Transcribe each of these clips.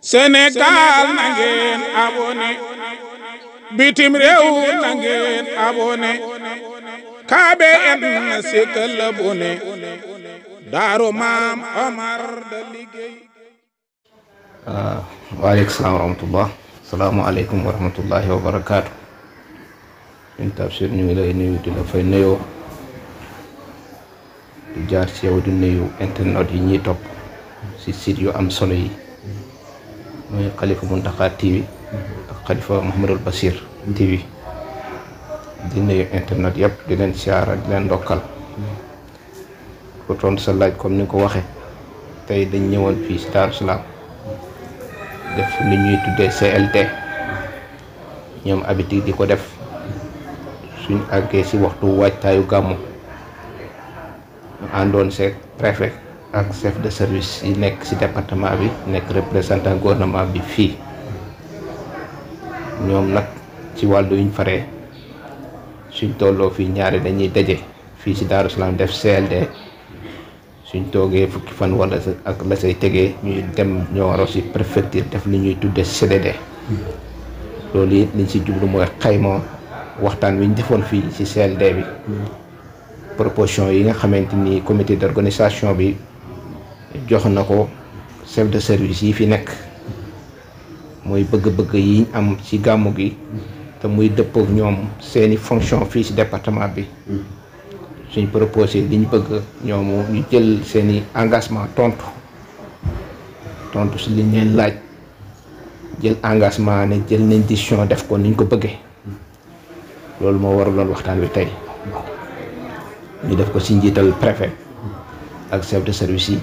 Sénégal na ngeen abonné bitim réew na ngeen abonné KBN na sikkal abonné daaru maam Omar da liggéey ah, waaleykum salaam wa wa barakaatu ñun tafsir ñu ngi lay nuyu di la fay nuyoo di jaar ci yow di nuyu internet yi ñuy topp si site yu am solo yi muy xalifa Muntaxa TV ak xalifa Mouhamadul Basir TV di nuyu internet yëpp di leen siyaara di leen ndokkal ku tontu sa laaj comme ni nga ko waxee tey dañ ñëwoon fii si Daaru Salaam def li ñuy tuddee CLT ñoom habitude di ko def suñ àggee si waxtu waajtaayu gàmmu àndoon seeg préfet ak chef de service yi nekk ci département bi nekk représentant gouvernement bi fii ñoom nag ci wàllu yuñ faree suñ tolloo fii ñaari dañuy daje fii ci Daaru Salaam def CLD suñ toogee fukki fan wala ak la say tegee ñuy dem ñoo ci préfecture def li ñuy tuddee CDD loolu it liñ ci jublu mooy xayma waxtaan wi ñu defoon fii ci CLD bi hmm. proposition yi nga xamante ni comité d'organisation bi jox na ko chef de service yi fi bëgg-bëgg am ci gàmmu gi te muy dëppook ñoom seeni fonction fii ci département bi suñ proposé liñ bëgg ñoomu ñu jël seeni engagement tontu tontu si liñ leen laaj jël engagement ne jël nañ décision def ko niñ ko bëggee loolu moo waraloon waxtaan wi tey ñu def ko ci njiital préfet ak chef de service yi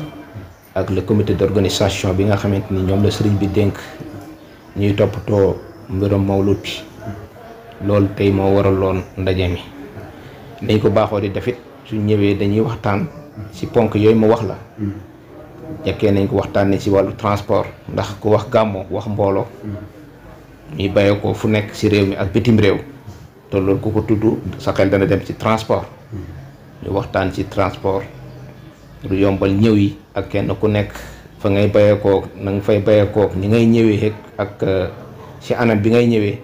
ak le comité d'organisation bi nga xamante ni ñoom la sëriñ bi dénk ñuy toppatoo mbiram mawlut bi loolu tey moo waraloon ndaje mi nañ ko baaxoo di defit su ñëwee dañuy waxtaan si ponk yooyu ma wax la ñekkee nañ ko waxtaanee si wàllu transport ndax ku wax gamo wax mbooloo ñuy bàyyi ko fu nekk si réew mi ak bitim réew te loolu ku ko tudd sa xel dana dem ci transport ñu waxtaan ci transport lu yombal ñëw yi ak kenn ku nekk fa ngay bayeekook na fay bayeekook ni ngay ñëwee ak euh, ci anam bi ngay ñëwee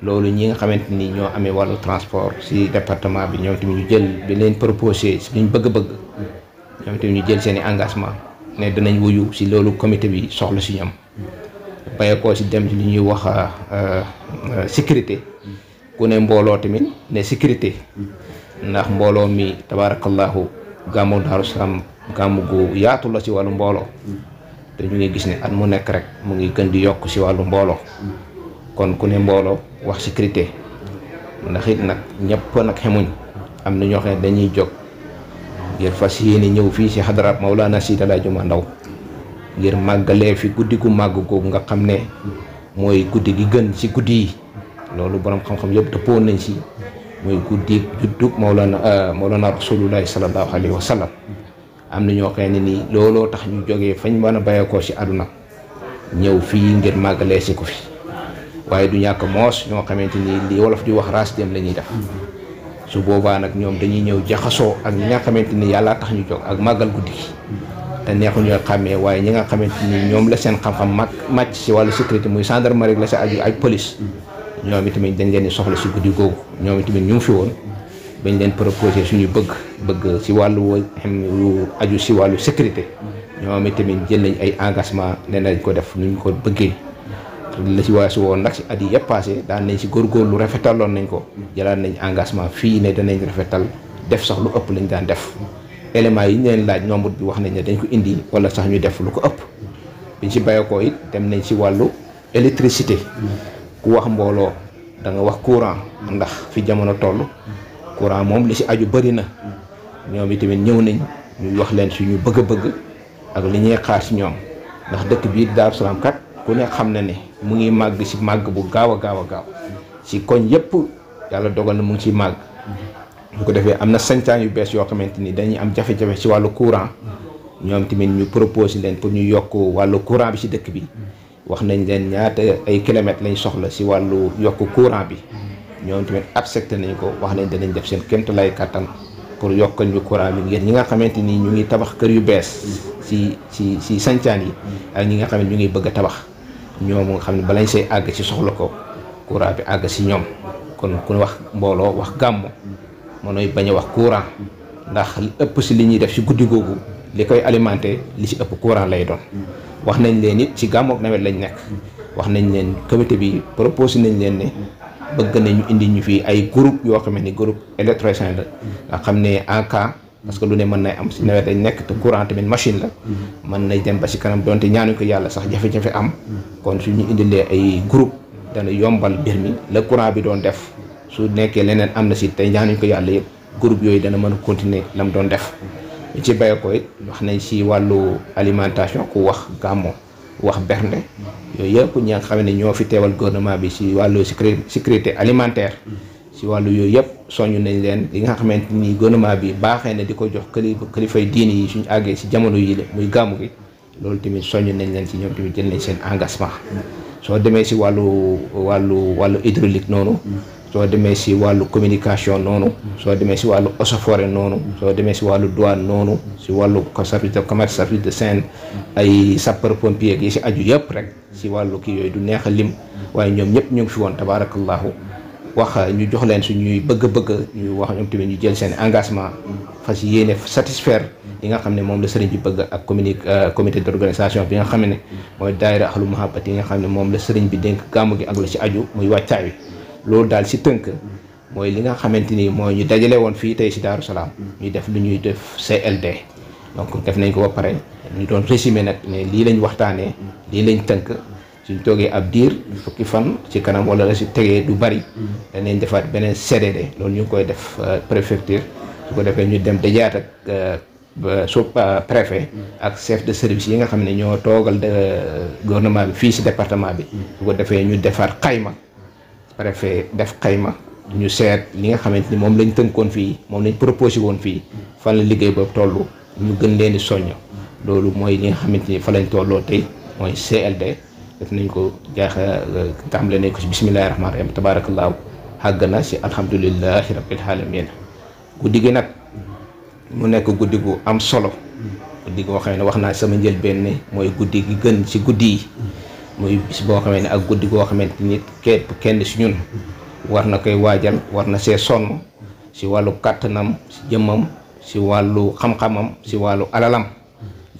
loolu ñi nga xamante ni ñoo amee wàllu transport si département bi ñoom tamit ñu jël bi leen proposé ci luñ bëgg-bëgg ñoom tamit ñu jël seeni engagement ne danañ wuyu si loolu comité bi soxla si ñoom bayeekoo si dem ci li ñuy wax euh, euh, sécurité ku ne mbooloo tamit ne sécurité ndax mbooloo mi tabaarakallaahu gàmmu daaru salaam gàmmu gu yaatu la ci wàllu mbooloo te ñu ngi gis ne at mu nekk rek mu ngi gën di yokk ci wàllu mbooloo kon ku ne mbooloo wax sécurité ndax it nag ñëpp nag xemuñ am na ñoo xam ne dañuy jóg ngir fas yéene ñëw fii ci xadaraab Mawlaana Seydi El ngir fi guddi gu nga guddi gi gën ci guddi xam nañ ci muy guddi juddug Mawlana eh, Mawlana Rasulullah sallallahu alayhi wa sallam am na ñoo xëy ne nii looloo tax ñu jógee fañ mën a bàyyeekoo si àdduna ñëw fii ngir màggalee si ko fi waaye du ñàkk moos ñoo xamante ni li wolof di wax raas dem la def su boobaa nag ñoom dañuy ñëw jaxasoo ak ñi nga xamante ni yàlla tax ñu jóg ak màggal guddi gi neexu ñoo xàmmee waaye ñi nga xamante ni la seen xam-xam si wàllu sécurité muy gendarmerie la si aju ay police ñoom itamit dañ leen di soxla si guddi googu ñoom itamit ñu ngi fi woon bañ leen proposé suñu bëgg bëgg si wàllu woo xam ne lu aju si wàllu sécurité ñoom itamit jël nañ ay engagement ne nañ ko def nuñ ko bëggee la si waasu woon nag si at yi yëpp passé daan nañ si góorgóorlu rafetaloon nañ ko jëlaat nañ engagement fii ne danañ rafetal def sax lu ëpp lañ daan def éléments yi ñu leen laaj nombre bi wax nañ ne dañ ko indi wala sax ñu def lu ko ëpp biñ si bàyyi ko dem nañ si wàllu électricité ku wax mbooloo da nga wax courant ndax fi jamono toll courant moom li si aju bëri na ñoom itamit ñëw nañ ñu wax leen suñu bëgg-bëgg ak li ñuy xaar si ñoom ndax dëkk bii Daaru Salaam kat ku ne xam na ne mu ngi màgg si màgg bu gaaw a gaaw a gaaw si koñ yëpp yàlla dogal na mu ngi si màgg bu ko defee am na santaan yu bees yoo xamante ni dañuy am jafe-jafe si wàllu courant ñoom tamit ñu proposé leen pour ñu yokk wàllu courant bi si dëkk bi wax nañ leen ñaata ay kilomètres lañ soxla si wàllu yokk courant bi ñoom tamit accepté nañ ko wax nañ danañ def seen kéemtalaay kattan pour yokkal ñu courant bi ngeen ñi nga xamante ni ñu ngi tabax kër yu bees si ci si sancaan yi ak ñi nga xam ne ñu ngi bëgg a tabax ñoom nga xam ne balañ say àgg si soxla ko courant bi àgg si ñoom kon ku wax mbooloo wax gàmm mënooy bañ a wax courant ndax ëpp si li ñuy def si guddi googu li koy alimenté li si ëpp courant lay doon wax nañ leen it ci gàmmoog nawet lañ nekk wax nañ leen comité bi proposé nañ leen ne bëgg nañu indi ñu fii ay groupe yoo xam ne groupe électricien la nga xam ne en cas parce que lu ne mën nay am si nawet lañ nekk te courant tamit machine la mën nay dem ba si kanam donte ñaanuñ ko yàlla sax jafe-jafe am kon su ñu indi lee ay groupe dana yombal mbir mi la courant bi doon def su nekkee leneen am na si te ñaanuñ ko yàlla yëpp groupe yooyu dana mën a continuer lam doon def ci bay koy it wax nañ si wàllu alimentation ku wax gàmmo wax bernde yooyu yëpp ñi nga xam ne ñoo fi teewal gouvernement bi si wàllu sécurité alimentaire si wàllu yooyu yëpp soñ nañ leen li nga xamante ni gouvernement bi baaxee na di ko jox kilifa kilifay diini yi suñu àggee si jamono yii la muy gàmmu gi loolu tamit soññ nañ leen ci ñoom tamit jël nañ seen engagement soo demee si wàllu wàllu wàllu hydraulique noonu soo demee si wàllu communication noonu soo demee si wàllu osofore noonu soo demee si wàllu douane noonu si wàllu service de commerce de scène ay sapeur pompier yi si aju yëpp rek si wàllu kii yooyu du neex a lim waaye ñoom ñëpp ñu ngi fi woon tabaarakallaahu wax ñu jox leen su ñuy bëgg-bëgg ñuy wax ñoom tamit ñu jël seen engagement fas yéene satisfaire yi nga xam ne moom la sëriñ bi bëgg ak communi euh, comité d' organisation bi nga xam ne mooy daayira ahlu mahabbat yi nga xam ne moom la sëriñ bi dénk gàmmu gi ak la ci aju muy wàccaay wi loolu daal si tënk mooy li nga xamante ni mooy ñu dajale woon fii tey si Daaru Salaam ñu def lu ñuy def CLD donc def nañ ko ba pare ñu doon résumé nag ne lii lañ waxtaanee lii lañ tënk suñ toogee ab diir fukki fan ci kanam wala la si tegee du bari danañ defaat beneen CDD loolu ñu koy def euh, préfecture su ko defee ñu dem dajaat ak euh, euh, sous préfet ak chef de service yi nga xam ne ñoo toogal gouvernement bi fii si département bi su ko defee ñu defaat xayma préfet def xayma ñu seet li nga xamante ni moom lañ tënkoon fii moom lañ proposé woon fii fan la liggéey ba toll ñu gën leen di soññ loolu mooy li nga xamante ni fa lañ tolloo tey mooy CLD def nañ ko jaaxa euh, tàmbale nañ ko si bisimilahi rahmaani rahim tabaarakallaahu xàgg na si alhamdulilahi rabbil alamin guddi gi nag mu nekk guddi gu am solo guddi goo xam ne wax naa sama njëlbeen ne mooy guddi gi gën si guddi yi muy bis boo xamee ne ak guddi goo xamante nit warna kenn si ñun war koy waajal si wàllu kàttanam si jëmmam si xam-xamam si wàllu alalam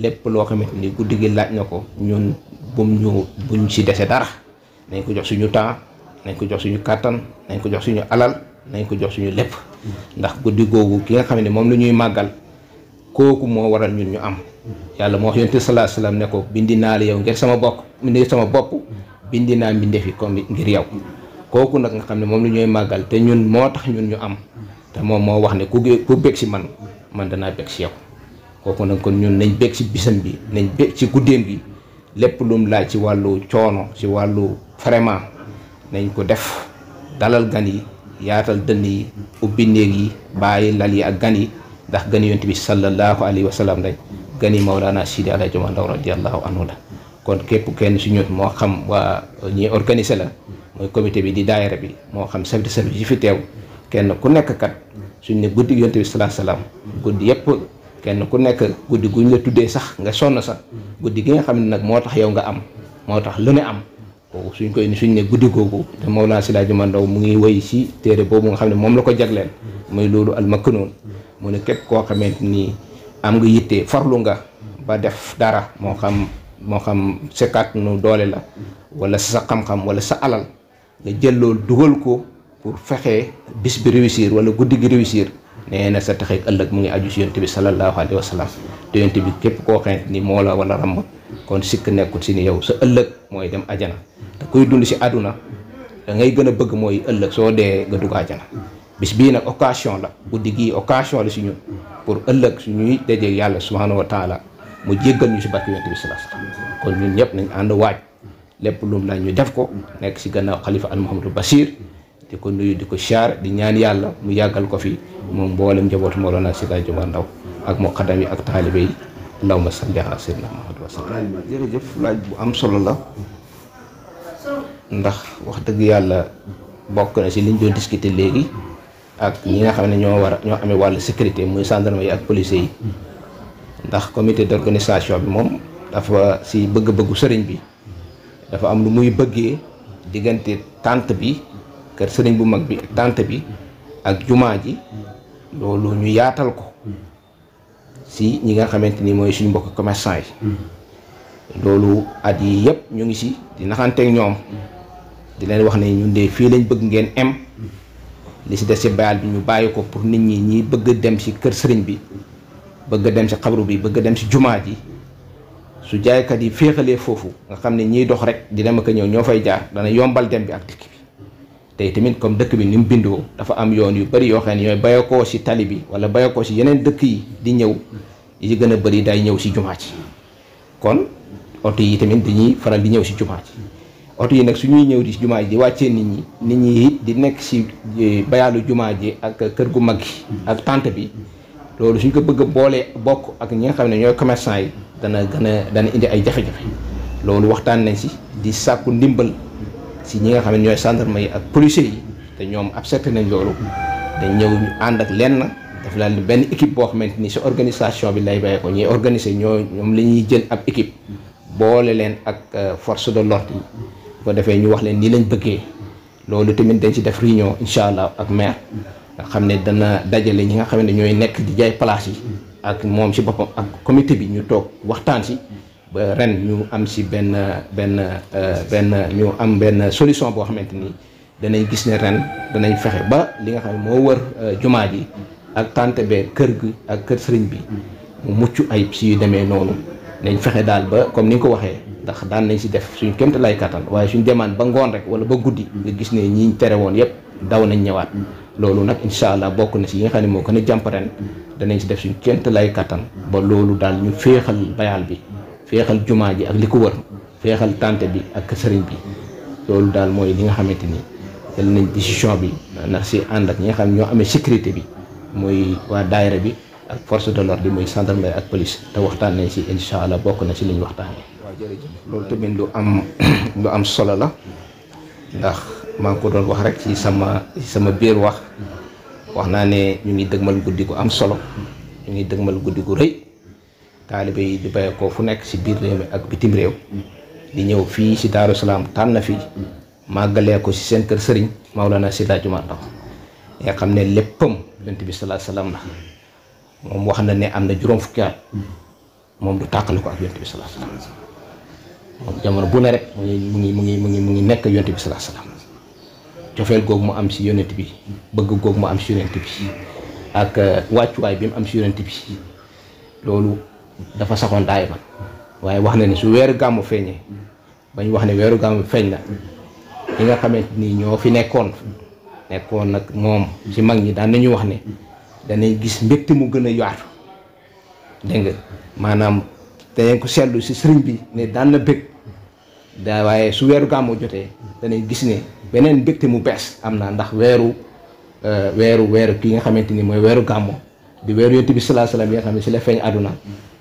lépp lo xamante ni guddi gi laaj na ñun bum ñu buñ si dese dara nañ ko jox suñu temps nañ ko jox suñu kàttan nañ ko jox suñu alal nañ ko jox suñu lépp ndax guddi googu ki nga xam ne moom ñuy màggal waral ñun ñu am yàlla moo wax yonent salaa salaam ne ko bindi naa la yow ngir sama bokk ngir sama bopp bindi naa mbindeef yi comme ngir yow kooku nag nga xam ne moom la ñooy màggal te ñun moo tax ñun ñu am te moom moo wax ne ku ku bég si man man danaa bég si yow kooku nag kon ñun nañ bég si bisam bi nañ bég si guddeem bi lépp lum laaj ci wàllu coono ci wàllu vraiment nañ ko def dalal gan yi yaatal dënn yi ubbi néeg yi bàyyi lal yi ak gan yi ndax gan yonent bi sallallahu alayhi wa sallam lañ gani Maulana Sidi Alaaji Omar Ndaw radiallahu anhu la kon képp kenn si moo xam waa ñi organisé la mooy comité bi di daayira bi moo xam service service yi fi teew kenn ku nekk kat suñ ne guddi yonte bi salaam guddi yëpp kenn ku nekk guddi guñ la tuddee sax nga sonn sax guddi gi nga xam ne nag moo tax yow nga am moo tax lu ne am kooku suñ koy suñ ne guddi googu te Maulana Sidi Alaaji Omar Ndaw mu ngi woy si téere boobu nga xam ne moom la ko jagleel muy loolu al mu ne képp koo xamante nii am nga yitte farlu nga ba def dara moo xam moo xam sa kàttanu doole la wala sa xam-xam wala sa alal nga jël loolu dugal ko pour fexe bis bi réussir wala guddi gi réussir nee na sa taxeeg ëllëg mu ngi aju si yonte bi sallallahu alayhi wa sallam te yonte bi képp koo xamante ni moo la wala ràmm kon sikk nekkul si ni yow sa ëllëg mooy dem ajana te kuy dund si àdduna da ngay gën a bëgg mooy ëllëg soo dee nga dugg ajana bis bii nag occasion la guddi gii occasion la si ñun pour ëllëg suñuy dajeeg yàlla subhanahu wa taala mu jéggal ñu si barke yonent bi si alayhi wasallam kon ñun ñëpp nañ ànd waaj lépp lum la ñu def ko nekk ci gannaaw xalifa al Mouhamadou Bachir di ko nuyu di ko siyaar di ñaan yàlla mu yàggal ko fi moom mboolem njabootu Mawlana Sida Juma Ndaw ak muqaddam yi ak taalibe yi allahumma salli ala sayyidina Muhammad wa sallam jërëjëf bu am solo la ndax wax dëgg yàlla bokk na si liñ doon discuter léegi ak ñi nga xam ne ñoo war ñoo amee wàllu sécurité muy gendarme yi ak policiers yi ndax commité d'organisation bi moom dafa si bëgg-bëggu sëriñ bi dafa am lu muy bëggee diggante tànt bi kër sëriñ bu mag bi tànt bi ak jumaa ji loolu ñu yaatal ko si ñi nga xamante ni mooy suñu mbokk commerçant yi loolu at yi yëpp ñu ngi si di naxanteeg ñoom di leen wax ne ñun de fii lañ bëgg ngeen em li si def si bayal bi ñu bàyyi ko pour nit ñi ñi bëgg dem ci kër sëriñ bi bëgg dem si xabru bi bëgg dem si jumaa ji su jaaykat yi féexalee foofu nga xam ne ñiy dox rek di dem ak ñëw ñoo fay jaar dana yombal dem bi ak dikk bi tey tamit comme dëkk bi ni mu bindoo dafa am yoon yu bëri yoo xam ne ñooy bayakoo si tali bi wala bayakoo si yeneen dëkk yi di ñëw yi gën a bëri day ñëw si jumaa ji kon oto yi tamit dañuy faral di ñëw si jumaa ji oto yi nag su ñuy ñëw di si jumaa ji di wàccee nit ñi nit ñi di nekk si e, bayaalu jumaa ji ak kër gu mag yi ak tante bi loolu suñ ko bëgg a boolee bokk ak ñi nga xam ne ñooy commerçant yi dana gën a dana indi ay jafe-jafe loolu waxtaan nañ si di sàkku ndimbal si ñi nga xam ne ñooy gendarme yi ak policiers yi te ñoom accepté nañ loolu dañ ñëw ànd ak lenn daf daal benn équipe boo xamante ni si organisation bi lay bàyyi ko ñuy organiser ñoo ñoom la ñuy jël ab équipe boole leen ak euh, force de l'ordre yi ko defee ñu wax leen nii lañ bëggee loolu tamit dañ ci def réunion incha allah ak maire nga xam ne dana dajale ñi nga xam ne ñooy nekk di jaay place yi ak moom si boppam ak comité bi ñu toog waxtaan si ba ren ñu am si benn benn euh, benn ñu am benn solution boo xamante ni danañ gis ne ren danañ fexe ba li nga xam ne moo wër euh, jumaa ji ak tante be kër gi ak kër sëriñ bi mu mucc ayib si yu demee noonu nañ fexe daal ba comme ni nga ko waxee ndax daan nañ si def suñ kémt lay kattan waaye suñ demaan ba ngoon rek wala ba guddi nga gis ne ñiñ tere woon yëpp daw nañ ñëwaat loolu nag incha allah bokk na si yi nga xam ne moo gën a jàmp ren danañ si def suñ kémt lay kattan ba loolu daal ñu féexal bayaal bi féexal jumaa ji ak li ko wër féexal tante bi ak sëriñ bi loolu daal mooy li nga xamante ni jël nañ décision bi ndax si ànd ak ñi nga xam ne ñoo amee sécurité bi muy waa daayira bi ak force de l'ordre bi muy gendarmerie ak police te waxtaan nañ si incha allah bokk na si liñ waxtaanee loolu tamit lu am lu am solo la ndax maa ko doon wax rek ci sama sama biir wax wax naa ne ñu ngi dëgmal guddi am solo ñu ngi dëgmal guddi gu rëy taalibe yi di bàyyi ko fu nekk si biir réew mi ak bitim réew di ñëw fii si Daaru Salaam tànn fii màggalee ko si seen kër sëriñ Maolana Seydi Jumaa Ndaw nga xam ne léppam yonent bi salaa salaam la moom wax na ne am na juróom fukki at moom du tàqali ko ak yonent bi salaa salaam jamono bu ne rek mu ngi mu ngi mu ngi mu ngi nekk yonent bi salaa salaam cofeel googu mu am si yonent bi bëgg googu mu am si yonent bi ak euh, wàccuwaay bi mu am si yonent bi loolu dafa saxoon daay man waaye wax na ni su weeru gàmmu feeñee bañ wax ne weeru gàmmu feeñ na li nga xamante ni ñoo fi nekkoon nekkoon nag moom ci mag ñi daan nañu wax ne danay gis mbégte mu gën a yaatu dégg maanaam dañ ko seetlu si sëriñ bi ne daan na bëgg daa waaye su weeru gàmmu jotee danañ gis ne beneen mbégte mu bees am na ndax weeru eh, weeru weeru ki nga xamante ni mooy weeru gàmmu di weeru yonte bi salaa salaam yi nga xam ne si la feeñ àdduna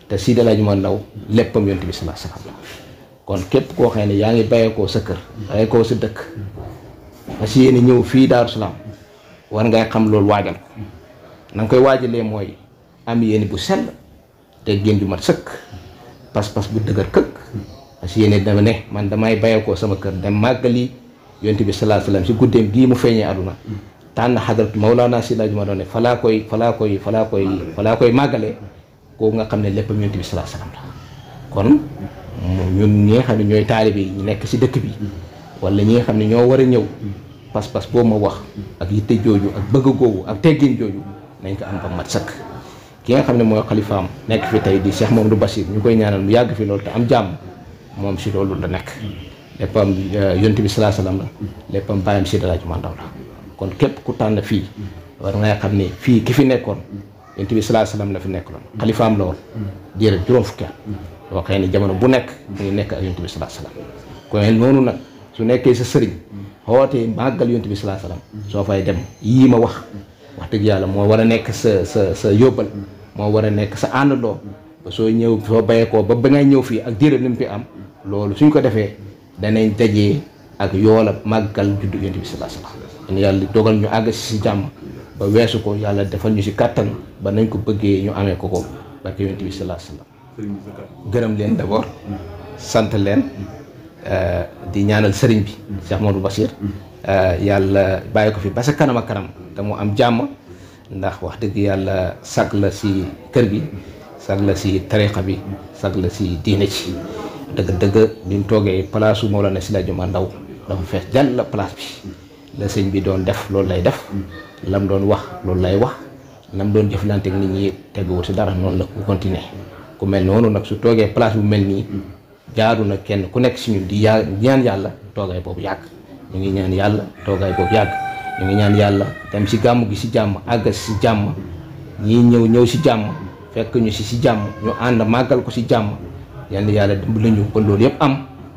te si dalaaj ma ndaw léppam yonte bi salaa salaam kon képp koo xam ne yaa ngi bàyyeekoo sa kër bàyyeekoo sa dëkk nga si yéene ñëw fii Daaru war ngay xam loolu na koy waajalee mooy am yéene bu sell te gén ju mat sëkk pas-pas bu dëgër këkk parce que yéene dama ne man damay bayal koo sama kër dem màggali yonent bi salaa salaam si guddeem gii mu feeñee aduna tànn xadarat Mawlaana si laaj ma doon ne falaa koy falaa koy falaa koy falaa koy kooku nga xam ne léppam yonent bi salaa salaam la kon ñun ñi nga xam ne ñooy taalibe yi ñu nekk si dëkk bi wala ñi nga xam ne ñoo war a ñëw pas-pas boobu ma wax ak yitte jooju ak bëgg googu ak teggin jooju nañ ko am ba mat sëkk ki nga xam ne mooy xalifaam nekk fi tey di Cheikh Mamadou Bachir ñu koy ñaanal mu yàgg fi loolu te am jàmm moom si loolu la nekk léppam euh, yonent bi salaa salaam la léppam bàyyam si dalaaju mandaw la kon képp ku tànn fii war ngay xam ne fii ki fi nekkoon yonent bi salaa salaam la fi nekkoon xalifaam la woon jërë juróom fukki at boo xëy ne jamono bu nekk mu ngi nekk ak yonent bi salaa salaam kon noonu nag su nekkee sa sëriñ xootee màggal yonent bi salaa salaam soo fay dem yii ma wax wax dëgg yàlla moo war a nekk sa sa sa yóbbal moo war a nekk sa àndandoo ba soo ñëw soo bayekoo ba ba ngay ñëw fii ak diiram li mu fi am loolu suñ ko defee danañ dajee ak yoolab màggal juddu yonent bi sallallahu alayhi wasallam yàlla dogal ñu àgg si si jàmm ba weesu ko yàlla defal ñu si kàttan ba nañ ko bëggee ñu amee ko ko barke yonent bi sallallahu alayhi wasallam gërëm leen d'abord sant leen eh, di ñaanal sëriñ bi Cheikh Modou Bachir mm. eh, yàlla bàyyi ko fi ba sa kanam ak kanam te am jàmm ndax wax dëgg yàlla sag la si kër gi sag la si tariqa bi sag la si diine ci dëgg-dëgg bi mu toogee place su Mawlana Sylla Juma Ndaw dafa fees jàll la place bi la sëñ bi doon def loolu lay def lam doon wax loolu lay wax lam doon jëflante ak nit ñi teguwul si dara noonu la ku continuer ku mel noonu nag su toogee place bu mel nii jaaru na kenn ku nekk si ñu di yaa ñaan yàlla toogaay boobu yàgg ñu ngi ñaan yàlla toogaay boobu yàgg ñu ngi ñaan yàlla dem si gàmm gi si jàmm àgg si jàmm ñii ñëw ñëw si jàmm fekk ñu si si jàmm ñu ànd màggal ko si jàmm yal yàlla dimbali ñu ba loolu yëpp am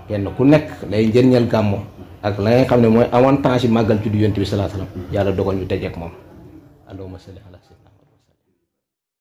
kenn ku nekk lay njëriñal gàmmu ak la nga xam ne mooy avantage yi màggal ci du yonent bi salaa salaam yàlla dogal ñu dajeek moom allahumma